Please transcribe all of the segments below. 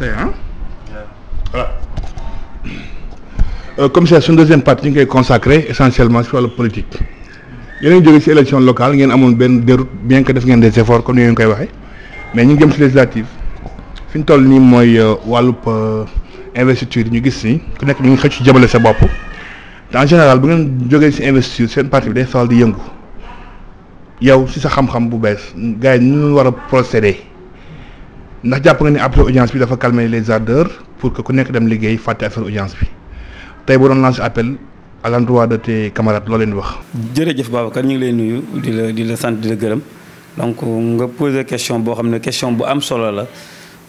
tey ah. voilà. Euh, comme ça suñu deuxième partie ñu ngi koy consacré essentiellement ci wàllu politique yéen a ngi jógee ci élection locale ngeen amoon benn déroute bien que def ngeen des efforts comme ni ñu koy waxee mais ñu ngi jëm ci législative fi ñu toll nii mooy euh, wàllub euh, investiture yi ñu gis nii ku nekk ñu ngi xëcc jëmale sa bopp te général bu ngeen jógee ci investiture seen parti bi day faral di yëngu yow ci sa xam-xam bu bees gars yi ñu war a procéder. ndax jàpp nga ni après audience bi dafa calmer les ardeurs pour que ku nekk dem liggéey fàtte affaire audience bi tey boo doon lancer appel à l'endroit de tes camarades loo leen wax. jërëjëf Babacar ñu ngi lay nuyu di la di la sant di gërëm donc nga poser question boo xam ne question bu am solo la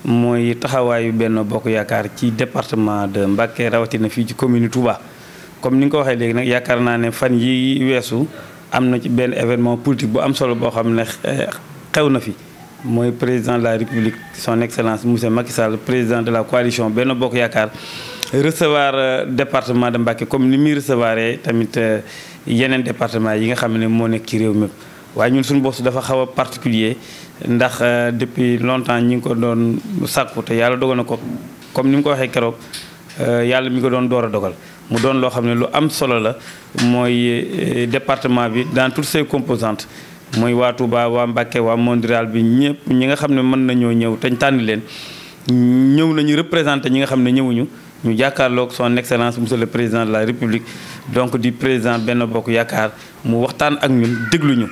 mooy taxawaayu benn bokk yaakaar ci département de Mbacké rawatina fii ci commune Touba. comme ni nga ko waxee léegi nag yaakaar naa ne fan yi weesu am na ci benn événement politique bu am solo boo xam ne xew na fi. mooy président de la république son excellence monsieur Macky Sall président de la coalition benn Bokk Yaakaar recevoir euh, département de Mbacké comme ni muy recevoir tamit euh, yeneen département yi nga xam ne moo nekk ci réew mépp waaye ñun suñu bopp dafa xaw a particulier ndax euh, depuis longtemps ñi ngi ko doon sàkku te yàlla dogal na ko comme ni mu ko waxee keroog yàlla mi ko doon door a dogal mu doon loo xam ne lu am solo la mooy département bi dans toutes ses mooy waa Touba waa Mbacké waa Mondial bi ñëpp ñi nga xam ne mën nañoo ñëw te ñu tànn leen ñëw nañu représenté ñi nga xam ne ñëwuñu ñu jàkkaarloog son excellence monsieur le président de la république donc di président Benno Bokk Yaakaar mu waxtaan ak ñun dégluñu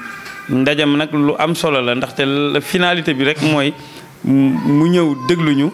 ndajam nag lu am solo la ndaxte finalité bi rek mooy mu ñëw dégluñu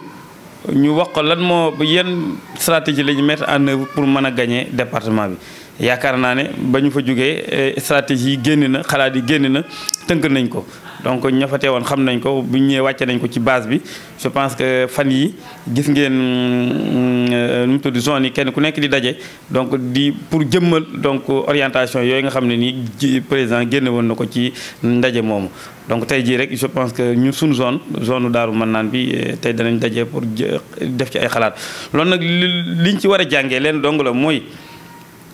ñu wax ko lan moo yan stratégie la ñu mettre en œuvre pour mën a gagner département bi yaakaar naa ne ba ñu fa jógee eh, stratégie yi génn na xalaat yi génn na tënk nañ ko donc ña fa teewoon xam nañ ko bu ñëwee wàcce nañ ko ci base bi je pense que fan yi gis ngeen mm, nu mu tudd zone yi kenn ku nekk di daje donc di pour jëmmal donc orientation yooyu nga xam ne nii président génne woon na ko ci ndaje moomu. donc tey jii rek je pense que ñun suñu zone zone daaru mën naan bi eh, tey danañ daje pour def ci ay xalaat loolu nag liñ ci war a jàngee leen dong la mooy.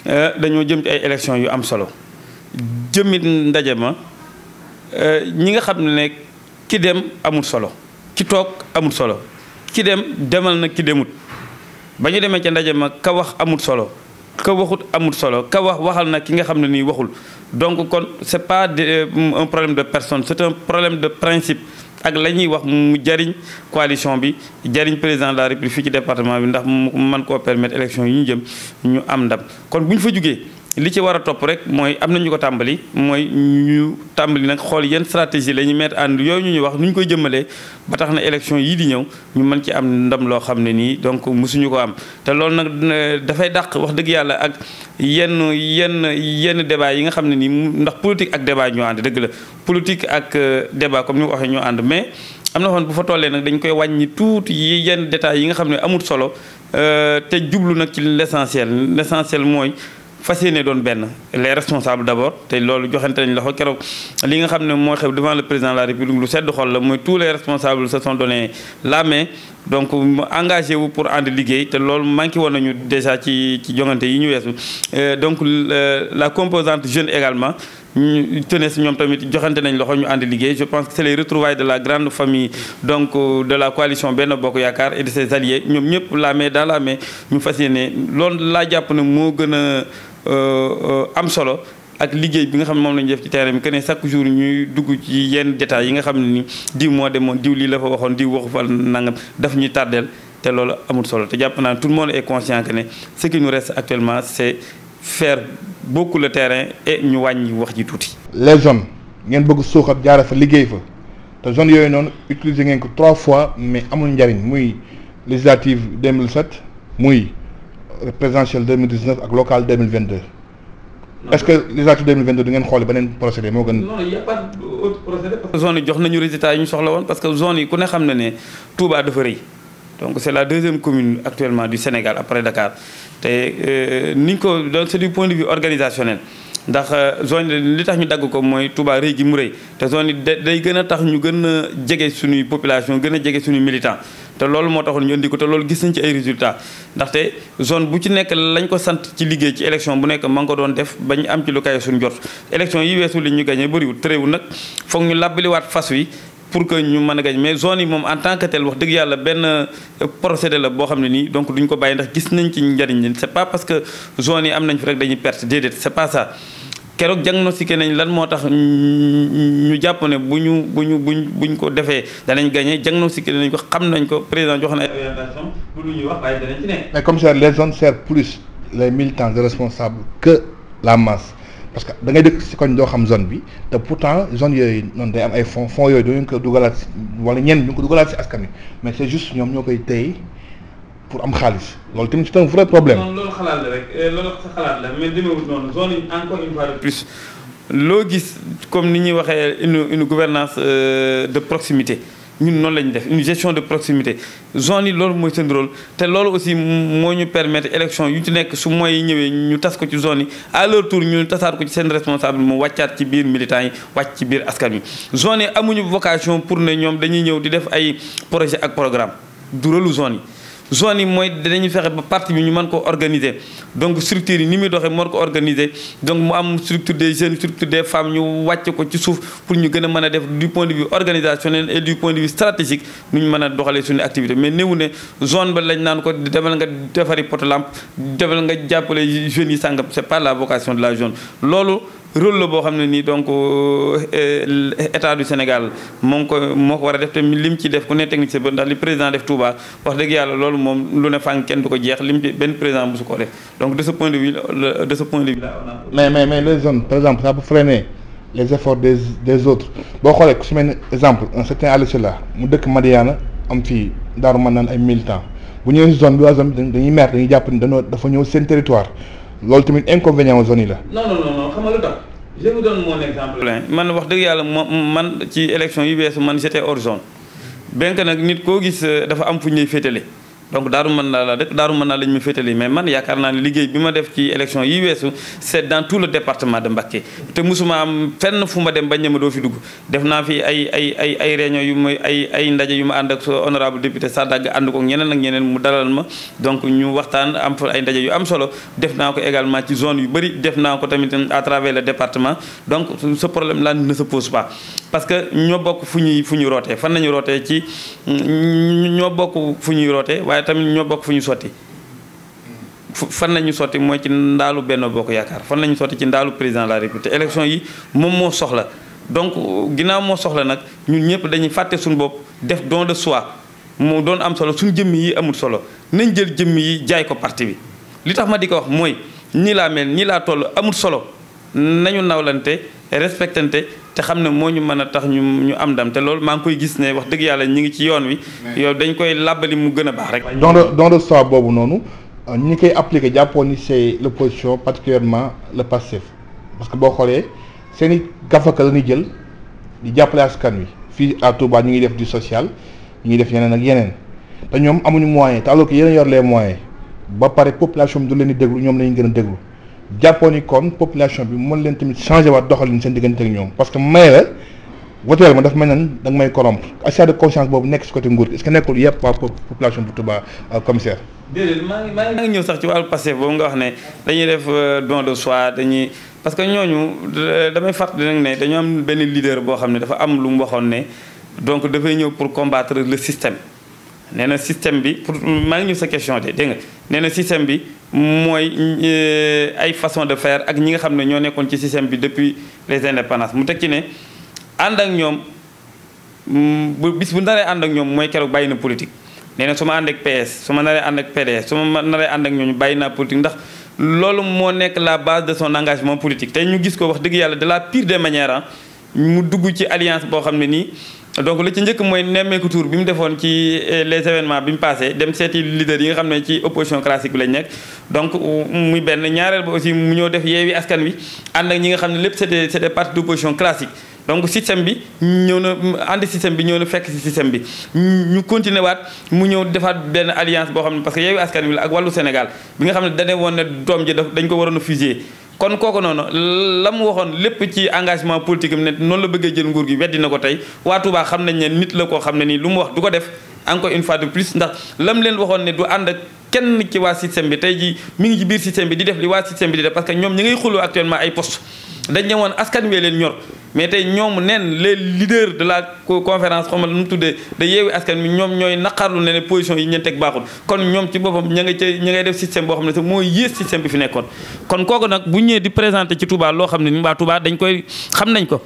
Euh, dañoo jëm ci ay élections yu am solo jëmit ndaje ma euh, ñi nga xam ne ki dem amul solo ki toog amul solo ki dem demal na ki demut ba ñu demee ca ndaje ma ka wax amul solo ka waxut amul solo ka wax waxal na ki nga xam ne nii waxul donc kon c'est pas euh, un problème de personne c'est un problème de principe ak la ñuy wax mu jariñ coalition bi jariñ président de la république fii ci département bi ndax mu man koo permettre élection yi ñu jëm ñu am ndam kon bu ñu fa jugee li ci war a topp rek mooy am nañu ko tàmbali mooy ñu tàmbali nag xool yan stratégie la ñu mettre ànd yooyu ñu wax nu ñu koy jëmmalee ba tax na élection yii di ñëw ñu mën ci am ndam loo xam ne nii donc mosuñu ko am te loolu nag dafay dàq wax dëgg yàlla ak yenn yenn yenn débat yi xam ne nii ndax politique ak débat ñoo ànd dëgg la politique ak euh, débat comme ni ko ñoo ànd mais am na xoon bu fa tollee nag dañ koy wàññi tuuti yi yenn détails yi nga xam ne amul solo euh, te jublu nag ci l'essentiel l'essentiel mooy fas yéene doon benn les responsables d'abord te loolu joxante nañ loxo keroog li nga xam ne moo xew devant le président la république lu sedd xol la mooy tous les donc mu engagé wu pour ànd liggéey te loolu manqué woon nañu déjà ci ci joŋante yi ñu weesu euh, donc euh, la composante jeune également. ñu tënees ñoom tamit joxante nañ loxo ñu ànd liggéey je pense que c'est les retrouvailles de la grande famille donc euh, de la coalition Benno Bokk Yaakaar et de ses alliés ñëpp la main dans la main ñu fas yéene loolu laa jàpp moo gën Euh, euh, am solo ak liggéey bi nga xam ne moom lañu def ci terrain bi que ne chaque jour ñuy dugg ci yenn détails yi nga xam ni diw moo demoon diw lii la fa waxoon diw waxu fa nanga daf ñu tardeel te loolu amul solo te jàpp naa tout moo monde est conscient ne ce qui nous reste actuellement c'est faire beaucoup le terrain et ñu wàññi wax ji tuuti. les zones ngeen bëgg suuxat jaare fa liggéey fa te zones yooyu noonu utiliser ngeen ko trois fois mais amul njariñ muy législative 2007 muy. présidentielle 2019 ak local 2022. est ce que législative 2022 du ngeen xool beneen procédé moo gën. non y' a pas autre procédé. parce que zone yi jox nañu résultat yi ñu soxla woon parce que zone yi ku ne xam na ne Touba dafa rëy donc c' est la deuxième commune actuellement du Sénégal après Dakar te euh, ni ñu ko donc c' est du point de vue organisationnel. ndax euh, zone li tax ñu dagg ko mooy Touba rëy gi mu rëy te zone yi day gën a tax ñu gën a jege suñuy population gën a jege suñuy militant te loolu moo taxoon ñu indi ko te loolu gis nañ ci ay résultat ndaxte zone bu ci nekk lañ ko sant ci liggéey ci élection bu nekk ma nga ko doon def bañ am ci lu kaye suñu jot élection yi weesu li ñu gagné bëriwul tëréwul nag foog ñu làbbaliwaat fas wi pour que ñu mën a gañ mais zone yi moom en tant que tel wax dëgg yàlla benn euh, procédé la boo xam ne nii donc duñ ko bàyyi ndax gis nañ ci njariñ li c'est pas parce que zone yi am nañ fi rek dañuy perte déedéet c'est pas ça keroog diagnostiqué nañ lan moo tax ñu jàpp ne bu ñu bu ñu buñ buñ ko defee danañ gagné diagnostiqué nañ ko xam nañ ko président jox na ay orientation bu lu wax waaye danañ mais comme ça les zones servent plus les militants de responsables que la masse. parce que dangay ngay dëkk si koñ doo xam zone bi te pourtant zone yooyu noonu day am ay fonds fonds yooyu dañu ko dugalaat si wala ñenn ñu ngi ko dugalaat si askan wi mais c'est juste ñoom ñoo koy téye pour am xaalis loolu tamit c'est un vrai problème. non loolu xalaat la rek euh, loolu sa xalaat la mais demeewul noonu zone yi encore une fois plus. loo gis comme ni ñuy waxee une une gouvernance euh, de proximité. ñun noonu la ñu def une gestion de proximité zone yi loolu mooy seen rôle te loolu aussi moo ñu permettre élection yu ci nekk su mooy ñëwee ñu tas ko ci zone yi à leur tour ñu tasaat ko ci seen responsable mu wàccaat ci biir militants yi wàcc ci biir askan wi. zone yi amuñu vocation pour ne ñoom dañuy ñëw di def ay projet ak programme du rôle zone yi. zone yi mooy dañuy fexe ba parti bi ñu mën ko organiser donc structure yi ni muy doxee moo ko organiser donc mu am structure des jeunes structure des femmes ñu wàcc ko ci suuf pour ñu gën a mën a def du point de vue organisationnel et du point de vue stratégique nu ñu mën a doxalee suñu activité mais néewu ne zone ba lañ naan ko demal nga defari potelampe demal nga jàppale jeunes yi sàngam c'est par la vocation de la zone loolu rôle la boo xam ne nii donc euh, état du Sénégal moom ko moo ko war a def te lim ci def ku ne technique ba ndax li président def Touba wax dëgg yàlla loolu moom lu ne fànn kenn du ko jeex lim benn président bu su ko def donc de ce point de mais mais les zones par exemple ça peut freiner les efforts des des autres boo xoolee su mel ne exemple un certain Aliou Sylla mu dëkk Madiana am fii Darou Manane ay militants bu ñëwee si zone bi waa zone bi dañuy mer dañuy jàpp ni dañoo dafa ñëw seen territoire. loolu tamit inconvénient wu zone yi la. non non non xam nga lu tax man wax dëgg yàlla man ci élection yu weesu man j'étais hors zone benn nag nit koo gis euh, dafa am fu ñuy féetale. donc daaru mën naa la rek daaru mën naa lañ ma féetali mais man yaakaar naa ne liggéey bi ma def ci élection yi weesu c'est dans tout le département de Mbacké te musuma am fenn fu ma dem ba ne ma doo fi dugg def naa fi ay ay ay ay réunion yu ma ay ay ndaje yu ma ànd ak honorable député Sadag ànd ko ñeneen ak ñeneen mu dalal ma donc ñu waxtaan am fa ay ndaje yu am solo def naa ko également ci zone yu bëri def naa ko tamit à travers le département donc ce problème là ne se pose pas parce que ñoo bokk fu ñuy fu ñu rootee fan nañu rootee ci ñoo bokk fu ñuy rootee waaye tamit ñoo bokk fu ñu sotti fan nañu sotti mooy ci ndaalu benn bokk yaakaar fan nañu ñu sotti ci ndaalu président de la république élection yi moom moo soxla donc ginnaaw moo soxla nag ñun ñëpp dañuy fàtte suñu bopp def don de soi moo doon am solo suñu jëmm yi amul solo nañ jël jëmm yi jaay ko parti bi li tax ma di ko wax mooy ñii laa mel ñii laa toll amul solo nañu nawlante respectante te xam ne moo ñu mën a tax ñu ñu am ndam te loolu maa ngi koy gis ne wax dëgg yàlla ñi ngi ci yoon wi. yow dañ koy làbbali mu gën a baax rek. dans le dans boobu noonu euh, ñi koy appliqué jàppoon ni c'est l'opposition particulièrement le Pastef parce que boo xoolee seen i gafaka la ñuy jël di jàppale askan wi fii à Touba ñu ngi def du social ñu ngi def yeneen ak yeneen te ñoom amuñu moyen te alors que yéen yor les moyens ba pare population du leen di déglu ñoom lañu gën a déglu. jàppoon ni kon population bi mën leen tamit changé waat doxalin seen diggante ak ñoom parce que may la woteel ma daf may nan da nga may corrompre achat de conscience boobu nekk si côté nguur sax ci wàllu passé boobu nga wax ne dañuy def euh, don de soi dañuy parce que ñooñu euh, damay fàttali nag ne dañoo am benn leader boo xam ne dafa am lu mu waxoon ne donc dafay ñëw pour combattre le système nee na système bi pour maa ngi ñëw sa question de dégg nga nee na système bi. mooy euh, ay façon de faire ak ñi nga xam ne ñoo nekkoon ci système bi depuis les indépendances mu teg ci ne ànd ak ñoom bu bis bu naree ànd ak ñoom mooy keroog bàyyi na politique. nee na su ma ànd ak PS su ma naree ànd ak PDS su ma naree ànd ak ñooñu bàyyi naa politique ndax loolu moo nekk la base de son engagement politique tey ñu gis ko wax dëgg yàlla de la pire de manières mu dugg ci alliance boo xam ne nii donc li ci njëkk mooy nemmeeku tour bi mu defoon ci eh, les événements bi mu passé dem seeti leader yi nga xam ne ci opposition classique lañ nekk donc muy benn ñaareel aussi mu ñëw def yeewi askan wi ànd ak nga xam ne lépp c'était c'était parti d'opposition classique donc système bi ñëw na anti système bi ñëw na fekk ci système bi ñu continuer mu ñëw defaat benn alliance boo xam ne parce que yeewi askan wi la ak wàllu Sénégal bi nga xam ne dane woon ne doom ji dañ ko waroon a fusiller kon kooko noonu la mu waxoon lépp ci engagement politique am ne noonu la bëggee jël nguur gi weddi na ko tey waa Touba xam nañ ne nit la koo xam ne nii lu mu wax du ko def encore une fois de plus ndax lam leen waxoon ne du ànd ak kenn ci waa système bi tey ji mi ngi ci biir système bi di def li waa système bi di def parce que ñoom ñi ngay xuloo actuellement ay poste dañ ne woon askan wee leen ñor mais tey ñoom neen les leaders de la conférence xamal nu mu tuddee da yeewi askan wi ñoom ñooy naqarlu ne ne position yi ñu teg baaxul kon ñoom ci boppam ña nga ca ña ngay def système boo xam ne sax moo yées système bi fi nekkoon kon kooku nag bu ñëwee di présenté ci Touba loo xam ne ni waa Touba dañ koy xam nañ ko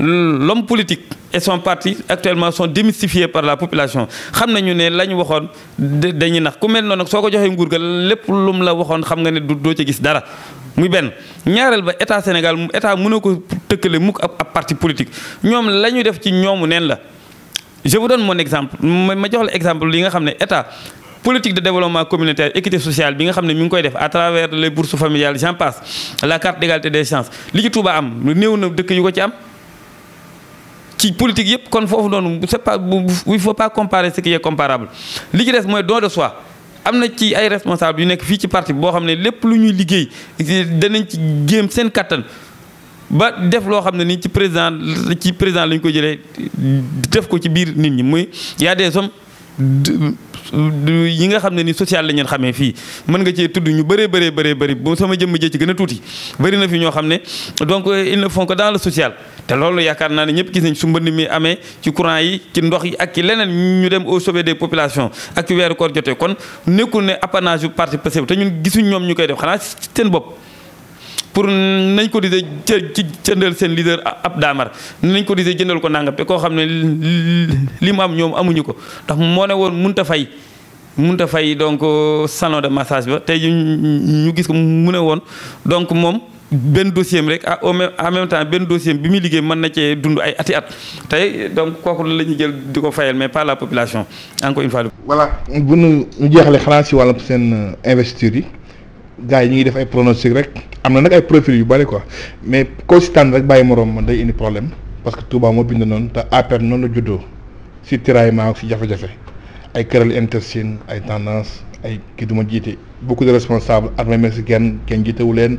l'homme politique et son parti actuellement sont démystifiés par la population xam nañu ne la ñu waxoon dañuy nax ku mel noonu nag soo ko joxee nguur ga lépp lu la waxoon xam nga ne du doo ci gis dara muy benn ñaareel ba état Sénégal état mënoo ko tëkkale mukk ab ab parti politique ñoom la ñu def ci ñoomu neen la je vous mon exemple ma jox la exemple li nga xam ne état politique de développement communautaire équité sociale bi nga xam ne mi ngi koy def à travers les bourses familiales j'en passe la carte d'égalité des chances li ci Touba am néew na ko ci am ci politique yëpp kon foofu noonu c'est pas il faut pas comparer ce qui est comparable li ci des mooy don de soi am na ci ay responsable yu nekk fii ci parti boo xam ne lépp lu ñuy liggéey danañ ci géem seen kattan ba def loo xam ne nii ci président ci président lañ ko jëlee def ko ci biir nit ñi muy y a des hommes yi nga xam ne ni social la ñeen xamee fii mën nga cee tudd ñu bëree bëree bëree bëri bu sama jëmm jee ci gën tuuti bëri na fi ñoo xam ne donc euh, ils ne font que dans le social te loolu yaakaar naa ne ñëpp gis nañ su mbënd mi amee ci courant yi ci ndox yi ak ci leneen ñu dem au sommet de population ak ci weeru koor jotee kon nekkul ne apanage bu parti Pastef te ñun gisuñ ñoom ñu koy def xanaa seen bopp pour nañ ko disee ci jëndal seen leader ab daamar nañ ko disee jëndal ko nangam te koo xam ne li mu am ñoom amuñu ko ndax moo ne woon mun ta fay mënut a fay donc euh, salon de massage ba tey ñu gis ko mu ne woon donc moom. benn dossier rek ah au même en même temps benn dossier bi muy liggéey mën na cee dund ay ati at tey donc kooku la ñuy jël di ko fayal mais par la population encore une fois. voilà bu nu ñu jeexalee xanaa si wàllum seen euh, investiture yi. gars yi ñu ngi def ay pronostic rek am na nag ay profil yu bëri ko mais koo si rek bàyyi moroom man day indi problème parce que Touba moo bind noonu te APR noonu la juddoo si tiraillement si jafe-jafe ay këral intestine ay tendance ay kii du ma jiite beaucoup de responsables armée mexicaine kenn jiitewu leen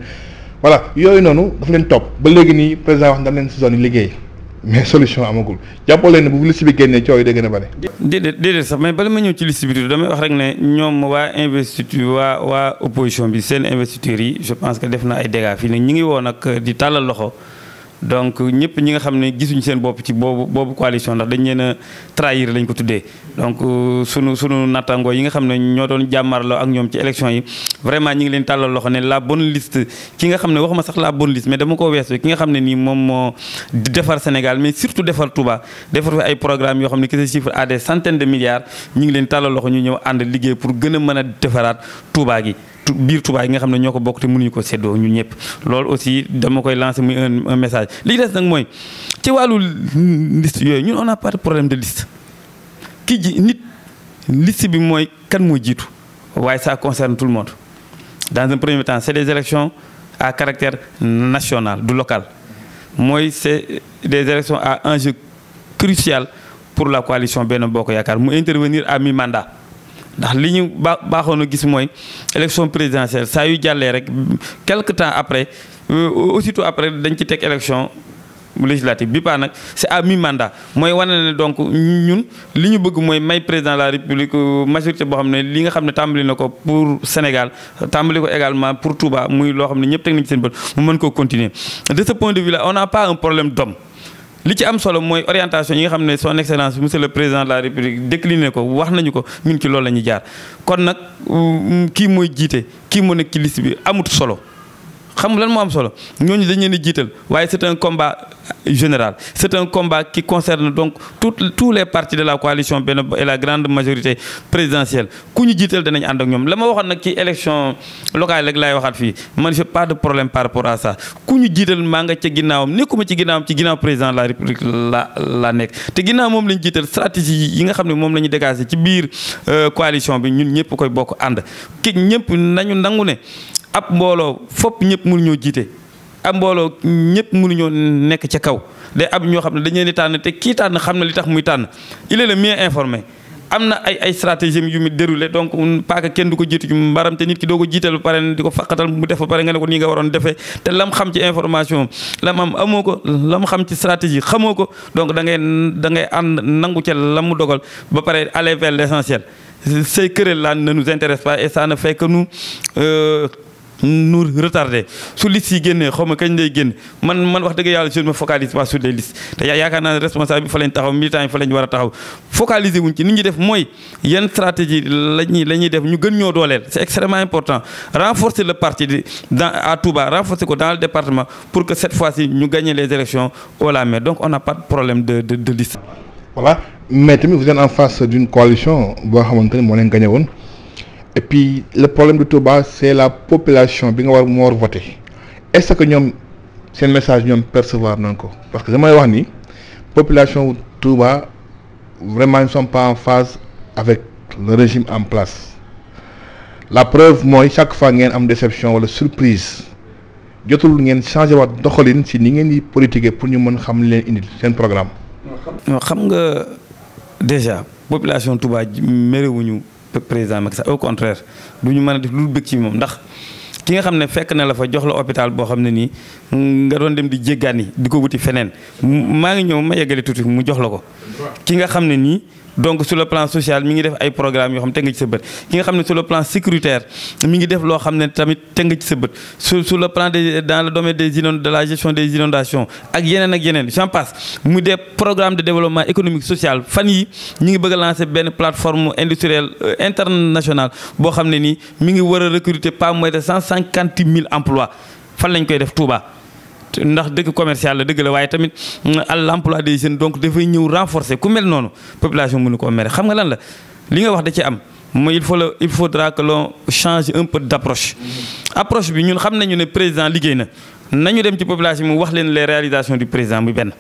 voilà yooyu noonu daf leen topp ba léegi nii président wax na leen si zone yi liggéey. mais solution amagul jàppoo leen ne bu liste bi génnee coow yi day a bare. déedéet déedéet sax mais bala ma ñëw ci liste bi damay wax rek ne ñoom waa investiture waa waa opposition bi seen investiture yi je pense que def na ay dégâts fii ne ñu ngi woon nag di tàllal loxo. donc ñëpp ñi nga xam ne gisuñ seen bopp ci boobu boobu coalition ndax dañ leen a trahir lañ ko tuddee donc euh, sunu sunu nattangoo yi nga xam ne ñoo doon jàmmarloo ak ñoom ci élection yi vraiment ñi ngi leen tàllal loxo ne la bonne liste ki nga xam ne waxuma sax la bonne liste mais dama ko weesu ki nga xam ne nii moom moo defar Sénégal mais surtout defar Touba defar fi ay programme yoo xam ne ki se chiffre à des centaines de milliards ñi ngi leen tàllal loxo ñëw ànd liggéey pour gën a mën a defaraat Touba gi biir Touba yi nga xam ne ñoo ko bokk te mënuñu ko séddoo ñun ñëpp loolu aussi dama koy lancer muy un message li des nag mooy ci wàllu liste yooyu ñun on n'a pas de problème de liste ki ji nit list bi mooy kan moo jiitu waaye sa concerne tout le monde dans un premier temps c'est des élections à caractère national du local mooy c'est des élections à enjeu crucial pour la coalition Benno Bokk Yaakaar mu intervenir à mi-mandat ndax li ñu ba baaxoon a gis mooy élection présidentielle saa yu jàllee rek quelque temps après euh, aussitôt après dañ ci teg élection législative bi paa nag c'est à mi-mandat mooy wane ne donc ñun li ñu bëgg mooy may président de la république euh, majorité boo xam ne li nga xam ne tàmbali na ko pour Sénégal tàmbali ko également pour Touba muy loo xam ne ñëpp teg nañ seen bët mu mën koo continuer de ce point de vue là on n'a pas un problème d'homme li ci am solo mooy orientation yi nga xam ne son excellence monsieur le président de la république décliné ko wax nañu ko mu ñun ci loolu la jaar kon nag euh, kii mooy jiite kii moo nekk ci liste bi amut solo. xam lan moo am solo ñooñu dañ leen jiital waaye c'est un combat général c'est un combat qui concerne donc toutes tous les partis de la coalition benn et la grande majorité présidentielle ku ñu jiital danañ ànd ñoom la ma waxoon nag ci élection locale rek lay waxaat fii man j'ai pas de problème par rapport à ça ku ñu jiital maa nga ca ginnaawam nekkuma ci ginnaawam ci ginnaaw président de la république la la nekk te ginnaaw moom lañ jiital stratégie yi nga xam ne moom la ñu dégager ci biir euh, coalition bi ñun ñëpp koy bokk ànd ki ñëpp nañu nangu ne ab mbooloo fopp ñëpp mënuñoo jiite ab mbooloo ñëpp mënuñoo nekk ca kaw de ab ñoo xam ne dañu leen di tànn te kii tànn xam na li tax muy tànn il est le informé am na ay ay stratégie yu mu déroulé donc paaka kenn du ko jiitu ci mbaram te nit ki doo ko jiital pare di ko tal mu def ba pare nga ne ko nii nga waroon defee te lam xam ci information lam am amoo ko lam xam ci stratégie xamoo ko donc da ngay da ànd nangu ca la mu dogal ba pare aller vers l' essentiel. ces querelles là ne nous intéresse pas et ça nous retardé su liste yi génnee xaw ma kañ lay génn man man wax dëgg yàlla je me focalise pas sur les listes te yaakaar naa ne responsable bi fa lañ taxaw militant a taxaw focaliser wuñ ci ni ñuy def mooy yan stratégie la ñuy la ñuy def ñu gën ñoo dooleel c'est extrêmement important renforcer le parti dans à Touba renforcer ko dans le département pour que cette fois-ci ñu gagner les élections au la mer donc on n'a pas de problème de de de liste. mais tamit vous boo xamante ni moo leen gagné woon. et puis le problème de Touba c'est la population bi nga war moo war voté est-ce que ñoom seen message ñoom percevoir nañ ko parce que damay wax ni population Touba vraiment ils ne sont pas en phase avec le régime en place la preuve mooy chaque fois ngeen am déception wala surprise jotul ngeen changé waat doxalin ci ni ngeen di politiquer pour ñu mën xam leen indi seen programme. xam nga déjà population Touba mérewuñu président Macky Sall au contraire du ñu mën a def lu bëgg ci moom ndax ki nga xam ne fekk na la fa jox la hôpital boo xam ne nii nga doon dem di jéggaani di ko wuti feneen maa ngi ñëw ma yeggale tuuti mu jox la ko ki nga xam ne nii donc sur le plan social mi ngi def ay programmes yoo xam teg nga ci ki nga xam ne sur le plan sécuritaire mi ngi def loo xam ne tamit teg nga ci sa bët sur sur le plan de dans le domaine des inond de la gestion des inondations ak yeneen ak yeneen j'en passe mu des programme de développement économique social fan yi ñi ngi bëgg a lancer benn plateforme industrielle euh, internationale boo xam ne nii mi ngi war a recruter pas moins de cent cinquante mille emplois fan lañ koy def Touba. ndax dëkk commercial la dëgg la waaye tamit mm, al emploi des jeunes donc dafay ñëw renforcer ku mel noonu population mënu ko mere xam nga lan la li nga wax da ci am mooy il faut la il faudra que l'on change un peu d'approche approche bi ñun xam nañu ne président liggéey na nañu dem ci population mu wax leen les réalisations du président bi benn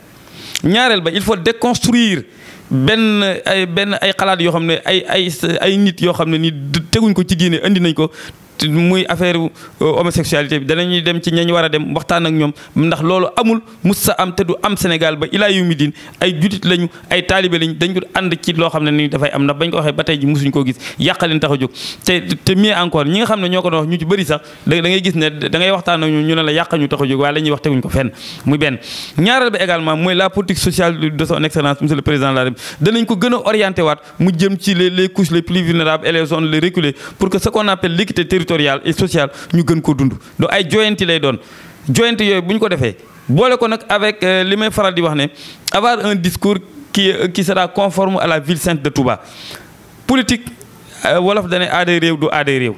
ñaareel ba il faut déconstruire benn ay benn ay xalaat yoo xam ne ay ay ay nit yoo xam ne ni teguñ ko ci diine indi nañ ko muy affaire euh, homosexualité bi danañuy dem ci ñañ war dem waxtaan ñoom ndax loolu amul mus sa am te du am Sénégal ba ilaa yu mi din ay julit lañu ay taalibe lañu dañ ko ànd ci loo xam ne ni dafay am ndax bañ ko waxee ba tey ji musuñ koo gis yàq leen tax a jóg te te encore ñi nga xam ne ñoo ko doon wax ñu ci bëri sax da ngay gis ne da ngay ñu ne la yàq ñu jóg waaye la wax teguñ ko fenn muy benn ñaareel ba également mooy la politique territoriale et sociale ñu gën ko dund doo ay joyanti lay doon joyanti yooyu bu ñu ko defee boole ko nag avec euh, li may faral di wax ne avoir un discours qui euh, qui sera conforme à la ville sainte de Touba politique euh, wolof dane aaday réew du aaday réew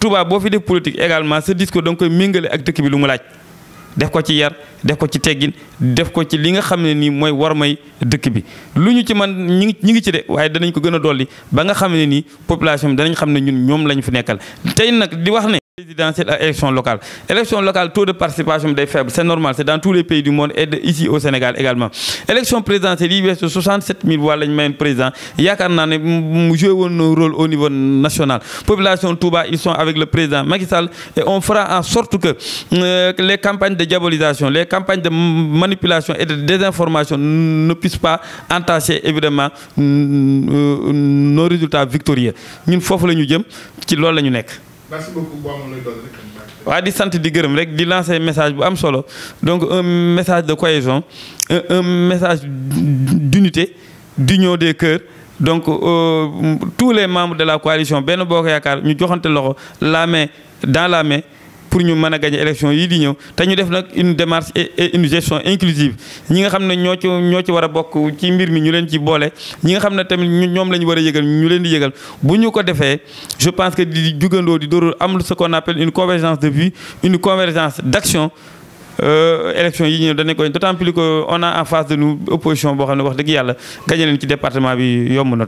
Touba boo fi def politique également ce discours da nga koy méngale ak dëkk bi lu mu laaj def ko ci yar def ko ci teggin def ko ci li nga xam ne nii mooy war may dëkk bi lu ñu ci man ñi ngi ñi ngi ci de waaye danañ ko gën a dolli ba nga xam ne nii population bi danañ xam ne ñun ñoom lañu fi nekkal tey nag di wax ne présidentielle à élection locale élection locale taux de participation bi day faible c'est normal c'est dans tous les pays du monde et ici au Sénégal également élection présidentielle yi weesu 67 000 voix lañ président yaakaar naa ne mu joué woon rôle au niveau national population Touba ils sont avec le président Macky Sall et on fera en sorte que euh, les campagnes de diabolisation les campagnes de manipulation et de désinformation ne puissent pas entacher évidemment euh, ñun foofu la ñu jëm ci loolu la ñu nekk merci beaucoup waa di sant di gërëm rek di lancer message bu am solo donc un message de cohésion un un message d'unité ñëw des cœurs. donc euh, tous les membres de la coalition benn boo ko yaakaar ñu joxante loxo la main dans la main pour ñu mën a gagner élection yii di ñëw te ñu def nag une démarche et une gestion inclusive ñi nga xam ne ñoo ci ñoo ci war a bokk ci mbir mi ñu leen ci boole ñi nga xam ne tamit ñoom lañu war a yëgal ñu leen di yëgal bu ñu ko defee je pense que di jugandoo di dóoróor am ce qu'on appelle une convergence de vue une convergence d'action euh, élection yi ñëw danañ ko d'autant plus que on a en face de nous opposition boo xam ne wax dëgg yàlla gagné leen ci département bi yomb na